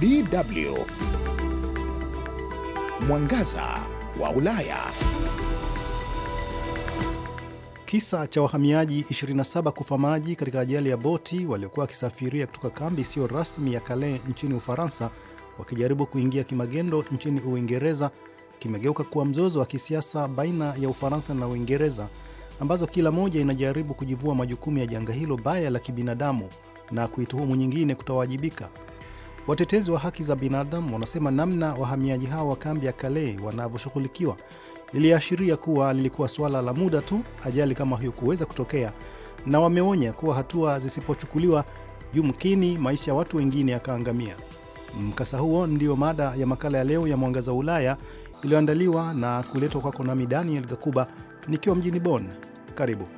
DW Mwangaza wa Ulaya. Kisa cha wahamiaji 27 kufa maji katika ajali ya boti waliokuwa wakisafiria kutoka kambi isiyo rasmi ya Calais nchini Ufaransa wakijaribu kuingia kimagendo nchini Uingereza kimegeuka kuwa mzozo wa kisiasa baina ya Ufaransa na Uingereza ambazo kila moja inajaribu kujivua majukumu ya janga hilo baya la kibinadamu na kuituhumu nyingine kutowajibika. Watetezi wa haki za binadamu wanasema namna wahamiaji hao wa kambi ya kalei wanavyoshughulikiwa iliashiria kuwa lilikuwa suala la muda tu ajali kama hiyo kuweza kutokea, na wameonya kuwa hatua zisipochukuliwa, yumkini maisha ya watu wengine yakaangamia. Mkasa huo ndiyo mada ya makala ya leo ya Mwangaza wa Ulaya iliyoandaliwa na kuletwa kwako nami Daniel Gakuba nikiwa mjini Bonn. Karibu.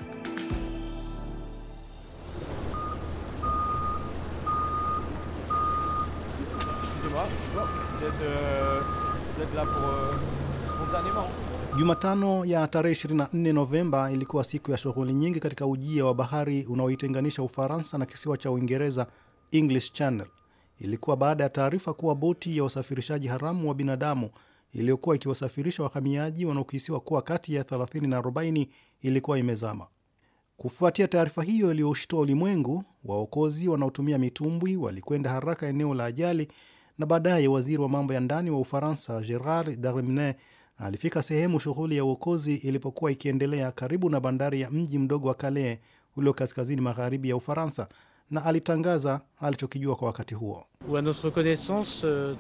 Euh, euh, Jumatano ya tarehe 24 Novemba ilikuwa siku ya shughuli nyingi katika ujia wa bahari unaoitenganisha Ufaransa na kisiwa cha Uingereza English Channel. Ilikuwa baada ya taarifa kuwa boti ya wasafirishaji haramu wa binadamu iliyokuwa ikiwasafirisha wahamiaji wanaokisiwa kuwa kati ya 30 na 40 ilikuwa imezama. Kufuatia taarifa hiyo iliyoshtua ulimwengu, waokozi wanaotumia mitumbwi walikwenda haraka eneo la ajali na baadaye waziri wa mambo ya ndani wa Ufaransa Gerard Darmanin alifika sehemu shughuli ya uokozi ilipokuwa ikiendelea karibu na bandari ya mji mdogo wa Calais ulio kaskazini magharibi ya Ufaransa na alitangaza alichokijua kwa wakati huo. Euh,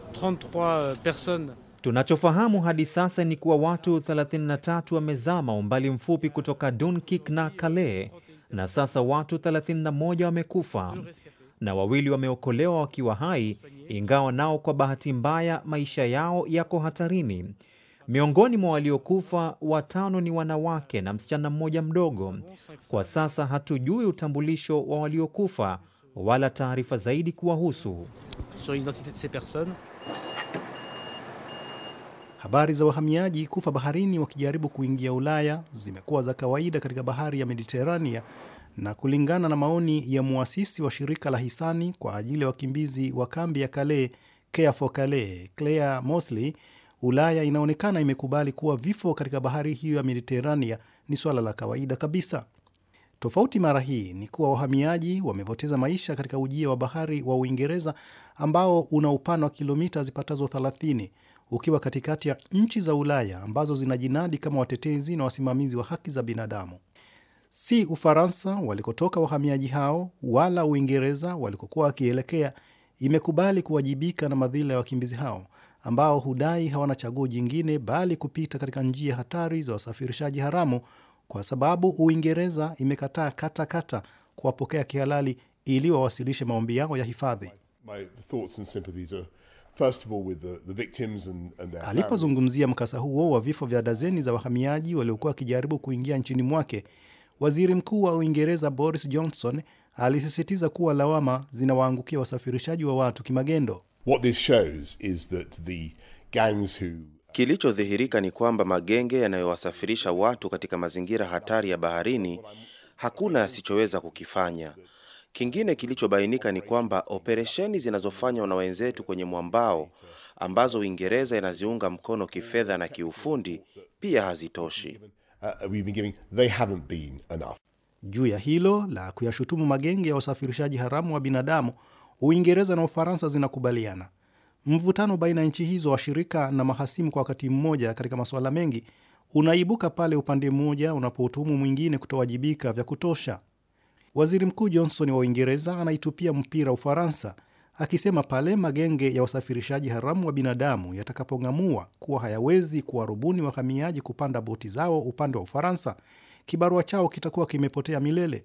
euh, Tunachofahamu hadi sasa ni kuwa watu 33 wamezama umbali mfupi kutoka Dunkirk na Calais na sasa watu 31 wamekufa na wawili wameokolewa wakiwa hai, ingawa nao kwa bahati mbaya maisha yao yako hatarini. Miongoni mwa waliokufa watano ni wanawake na msichana mmoja mdogo. Kwa sasa hatujui utambulisho wa waliokufa wala taarifa zaidi kuwahusu. Habari za wahamiaji kufa baharini wakijaribu kuingia Ulaya zimekuwa za kawaida katika bahari ya Mediterania na kulingana na maoni ya mwasisi wa shirika la hisani kwa ajili ya wa wakimbizi wa kambi ya Kale, Care for Calais, Claire Mosley, Ulaya inaonekana imekubali kuwa vifo katika bahari hiyo ya Mediterania ni swala la kawaida kabisa. Tofauti mara hii ni kuwa wahamiaji wamepoteza maisha katika ujia wa bahari wa Uingereza ambao una upana wa kilomita zipatazo 30 ukiwa katikati ya nchi za Ulaya ambazo zinajinadi kama watetezi na wasimamizi wa haki za binadamu si Ufaransa walikotoka wahamiaji hao wala Uingereza walikokuwa wakielekea imekubali kuwajibika na madhila ya wakimbizi hao ambao hudai hawana chaguo jingine bali kupita katika njia hatari za wasafirishaji haramu, kwa sababu Uingereza imekataa kata katakata kuwapokea kihalali ili wawasilishe maombi yao ya hifadhi. Alipozungumzia mkasa huo wa vifo vya dazeni za wahamiaji waliokuwa wakijaribu kuingia nchini mwake, Waziri Mkuu wa Uingereza Boris Johnson alisisitiza kuwa lawama zinawaangukia wasafirishaji wa watu kimagendo. What this shows is that the gangs who... Kilichodhihirika ni kwamba magenge yanayowasafirisha watu katika mazingira hatari ya baharini hakuna yasichoweza kukifanya. Kingine kilichobainika ni kwamba operesheni zinazofanywa na wenzetu kwenye mwambao ambazo Uingereza inaziunga mkono kifedha na kiufundi pia hazitoshi uh, we've been giving, they haven't been enough. Juu ya hilo la kuyashutumu magenge ya usafirishaji haramu wa binadamu, Uingereza na Ufaransa zinakubaliana. Mvutano baina ya nchi hizo, washirika na mahasimu kwa wakati mmoja katika masuala mengi, unaibuka pale upande mmoja unapoutuhumu mwingine kutowajibika vya kutosha. Waziri Mkuu Johnson wa Uingereza anaitupia mpira Ufaransa akisema pale magenge ya wasafirishaji haramu wa binadamu yatakapong'amua kuwa hayawezi kuwarubuni wahamiaji kupanda boti zao upande wa Ufaransa, kibarua chao kitakuwa kimepotea milele.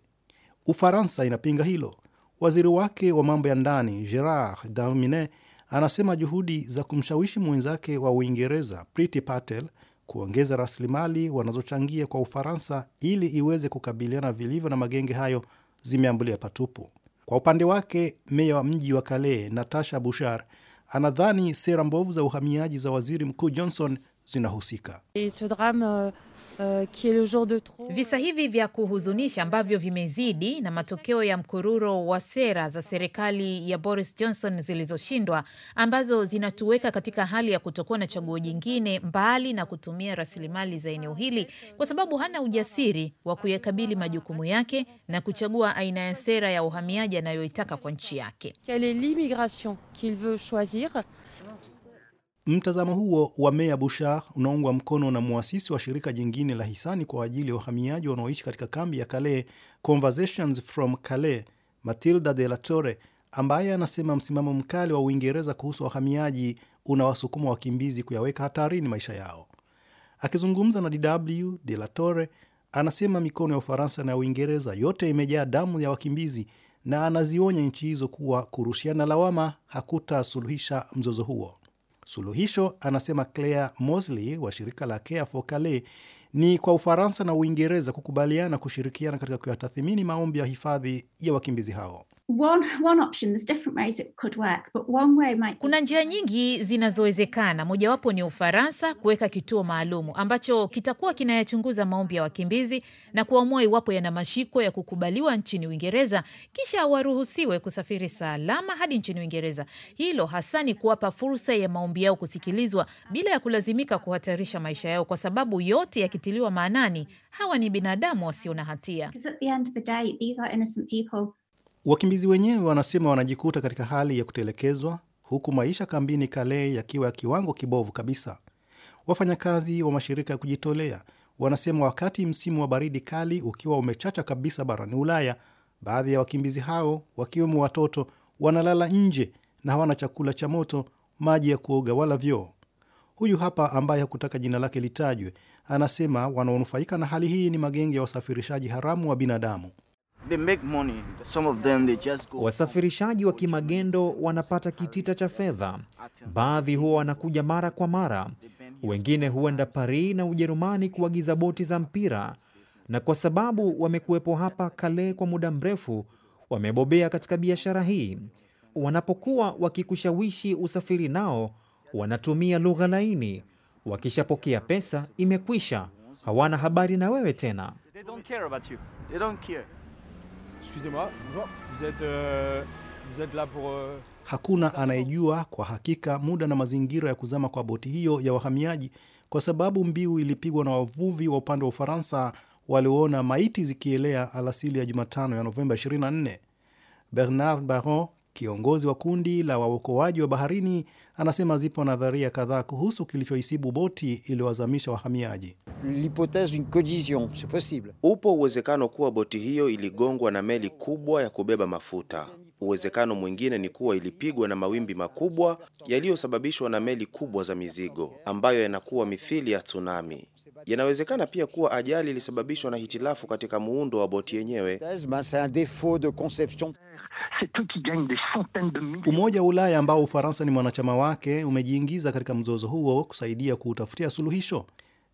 Ufaransa inapinga hilo. Waziri wake wa mambo ya ndani Gerard Darmanin anasema juhudi za kumshawishi mwenzake wa Uingereza Priti Patel kuongeza rasilimali wanazochangia kwa Ufaransa ili iweze kukabiliana vilivyo na magenge hayo zimeambulia patupu. Kwa upande wake, meya wa mji wa Kale Natasha bushar anadhani sera mbovu za uhamiaji za waziri mkuu Johnson zinahusika. Euh, Euh, visa euh, hivi vya kuhuzunisha ambavyo vimezidi na matokeo ya mkururo wa sera za serikali ya Boris Johnson zilizoshindwa ambazo zinatuweka katika hali ya kutokuwa na chaguo jingine mbali na kutumia rasilimali za eneo hili, kwa sababu hana ujasiri wa kuyakabili majukumu yake na kuchagua aina ya sera ya uhamiaji anayoitaka kwa nchi yake. Mtazamo huo wa Meya Bushar unaungwa mkono na mwasisi wa shirika jingine la hisani kwa ajili ya wahamiaji wanaoishi katika kambi ya Calais, Conversations from Calais, Matilda de la Torre, ambaye anasema msimamo mkali wa Uingereza kuhusu wahamiaji unawasukuma wakimbizi kuyaweka hatarini maisha yao. Akizungumza na DW, de la Torre anasema mikono ya Ufaransa na Uingereza yote imejaa damu ya wakimbizi na anazionya nchi hizo kuwa kurushiana lawama hakutasuluhisha mzozo huo. Suluhisho, anasema Claire Mosley wa shirika la Care for Calais, ni kwa Ufaransa na Uingereza kukubaliana kushirikiana katika kuyatathimini maombi ya hifadhi ya wakimbizi hao. Kuna njia nyingi zinazowezekana, mojawapo ni Ufaransa kuweka kituo maalumu ambacho kitakuwa kinayachunguza maombi ya wakimbizi na kuamua iwapo yana mashiko ya kukubaliwa nchini Uingereza, kisha waruhusiwe kusafiri salama hadi nchini Uingereza. Hilo hasa ni kuwapa fursa ya maombi yao kusikilizwa bila ya kulazimika kuhatarisha maisha yao, kwa sababu yote yakit kutiliwa maanani. Hawa ni binadamu wasio na hatia. Wakimbizi wenyewe wanasema wanajikuta katika hali ya kutelekezwa, huku maisha kambini Kale yakiwa ya kiwango kibovu kabisa. Wafanyakazi wa mashirika ya kujitolea wanasema wakati msimu wa baridi kali ukiwa umechacha kabisa barani Ulaya, baadhi ya wakimbizi hao wakiwemo watoto wanalala nje na hawana chakula cha moto, maji ya kuoga wala vyoo. Huyu hapa ambaye hakutaka jina lake litajwe, anasema wanaonufaika na hali hii ni magenge ya wasafirishaji haramu wa binadamu. They make money. Some of them they just go... Wasafirishaji wa kimagendo wanapata kitita cha fedha. Baadhi huwa wanakuja mara kwa mara, wengine huenda Paris na Ujerumani kuagiza boti za mpira, na kwa sababu wamekuwepo hapa Kale kwa muda mrefu, wamebobea katika biashara hii. Wanapokuwa wakikushawishi usafiri nao wanatumia lugha laini. Wakishapokea pesa, imekwisha. Hawana habari na wewe tena. Euh, euh, Hakuna anayejua kwa hakika muda na mazingira ya kuzama kwa boti hiyo ya wahamiaji, kwa sababu mbiu ilipigwa na wavuvi wa upande wa Ufaransa walioona maiti zikielea alasili ya Jumatano ya Novemba 24. Bernard Baron, Kiongozi wa kundi la waokoaji wa baharini anasema zipo nadharia kadhaa kuhusu kilichoisibu boti iliyowazamisha wahamiaji. Upo uwezekano kuwa boti hiyo iligongwa na meli kubwa ya kubeba mafuta. Uwezekano mwingine ni kuwa ilipigwa na mawimbi makubwa yaliyosababishwa na meli kubwa za mizigo ambayo yanakuwa mithili ya tsunami. Yanawezekana pia kuwa ajali ilisababishwa na hitilafu katika muundo wa boti yenyewe. Umoja wa Ulaya ambao Ufaransa ni mwanachama wake umejiingiza katika mzozo huo kusaidia kuutafutia suluhisho.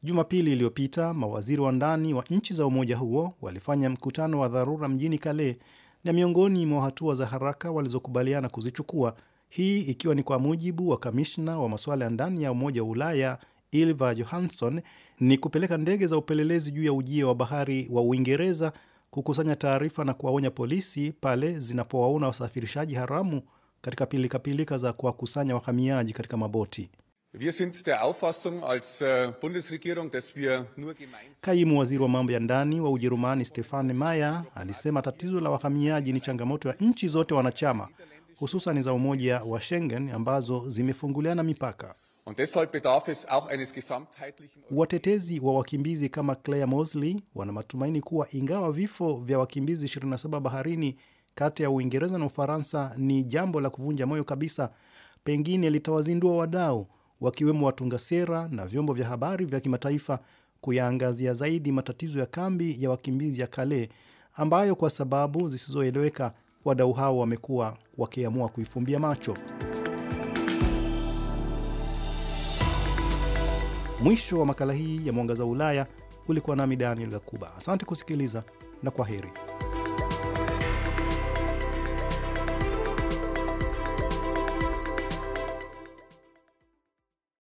Jumapili iliyopita mawaziri wa ndani wa nchi za umoja huo walifanya mkutano wa dharura mjini Calais na miongoni mwa hatua za haraka walizokubaliana kuzichukua, hii ikiwa ni kwa mujibu wa kamishna wa masuala ya ndani ya Umoja wa Ulaya Ilva Johansson, ni kupeleka ndege za upelelezi juu ya ujio wa bahari wa Uingereza kukusanya taarifa na kuwaonya polisi pale zinapowaona wasafirishaji haramu katika pilikapilika za kuwakusanya wahamiaji katika maboti. Wir sind der Auffassung als äh, Bundesregierung, dass wir nur gemeinsam... Kaimu waziri wa mambo ya ndani wa Ujerumani Stefan Meyer alisema tatizo la wahamiaji ni changamoto ya nchi zote wanachama, hususan za umoja wa Schengen ambazo zimefunguliana mipaka. Und deshalb bedarf es auch eines gesamtheitlichen... Watetezi wa wakimbizi kama Claire Mosley wana matumaini kuwa ingawa vifo vya wakimbizi 27 baharini kati ya Uingereza na Ufaransa ni jambo la kuvunja moyo kabisa, pengine litawazindua wadau wakiwemo watunga sera na vyombo vya habari vya kimataifa kuyaangazia zaidi matatizo ya kambi ya wakimbizi ya Kale ambayo kwa sababu zisizoeleweka wadau hao wamekuwa wakiamua kuifumbia macho. Mwisho wa makala hii ya Mwangaza wa Ulaya ulikuwa nami Daniel Gakuba. Asante kusikiliza na kwa heri.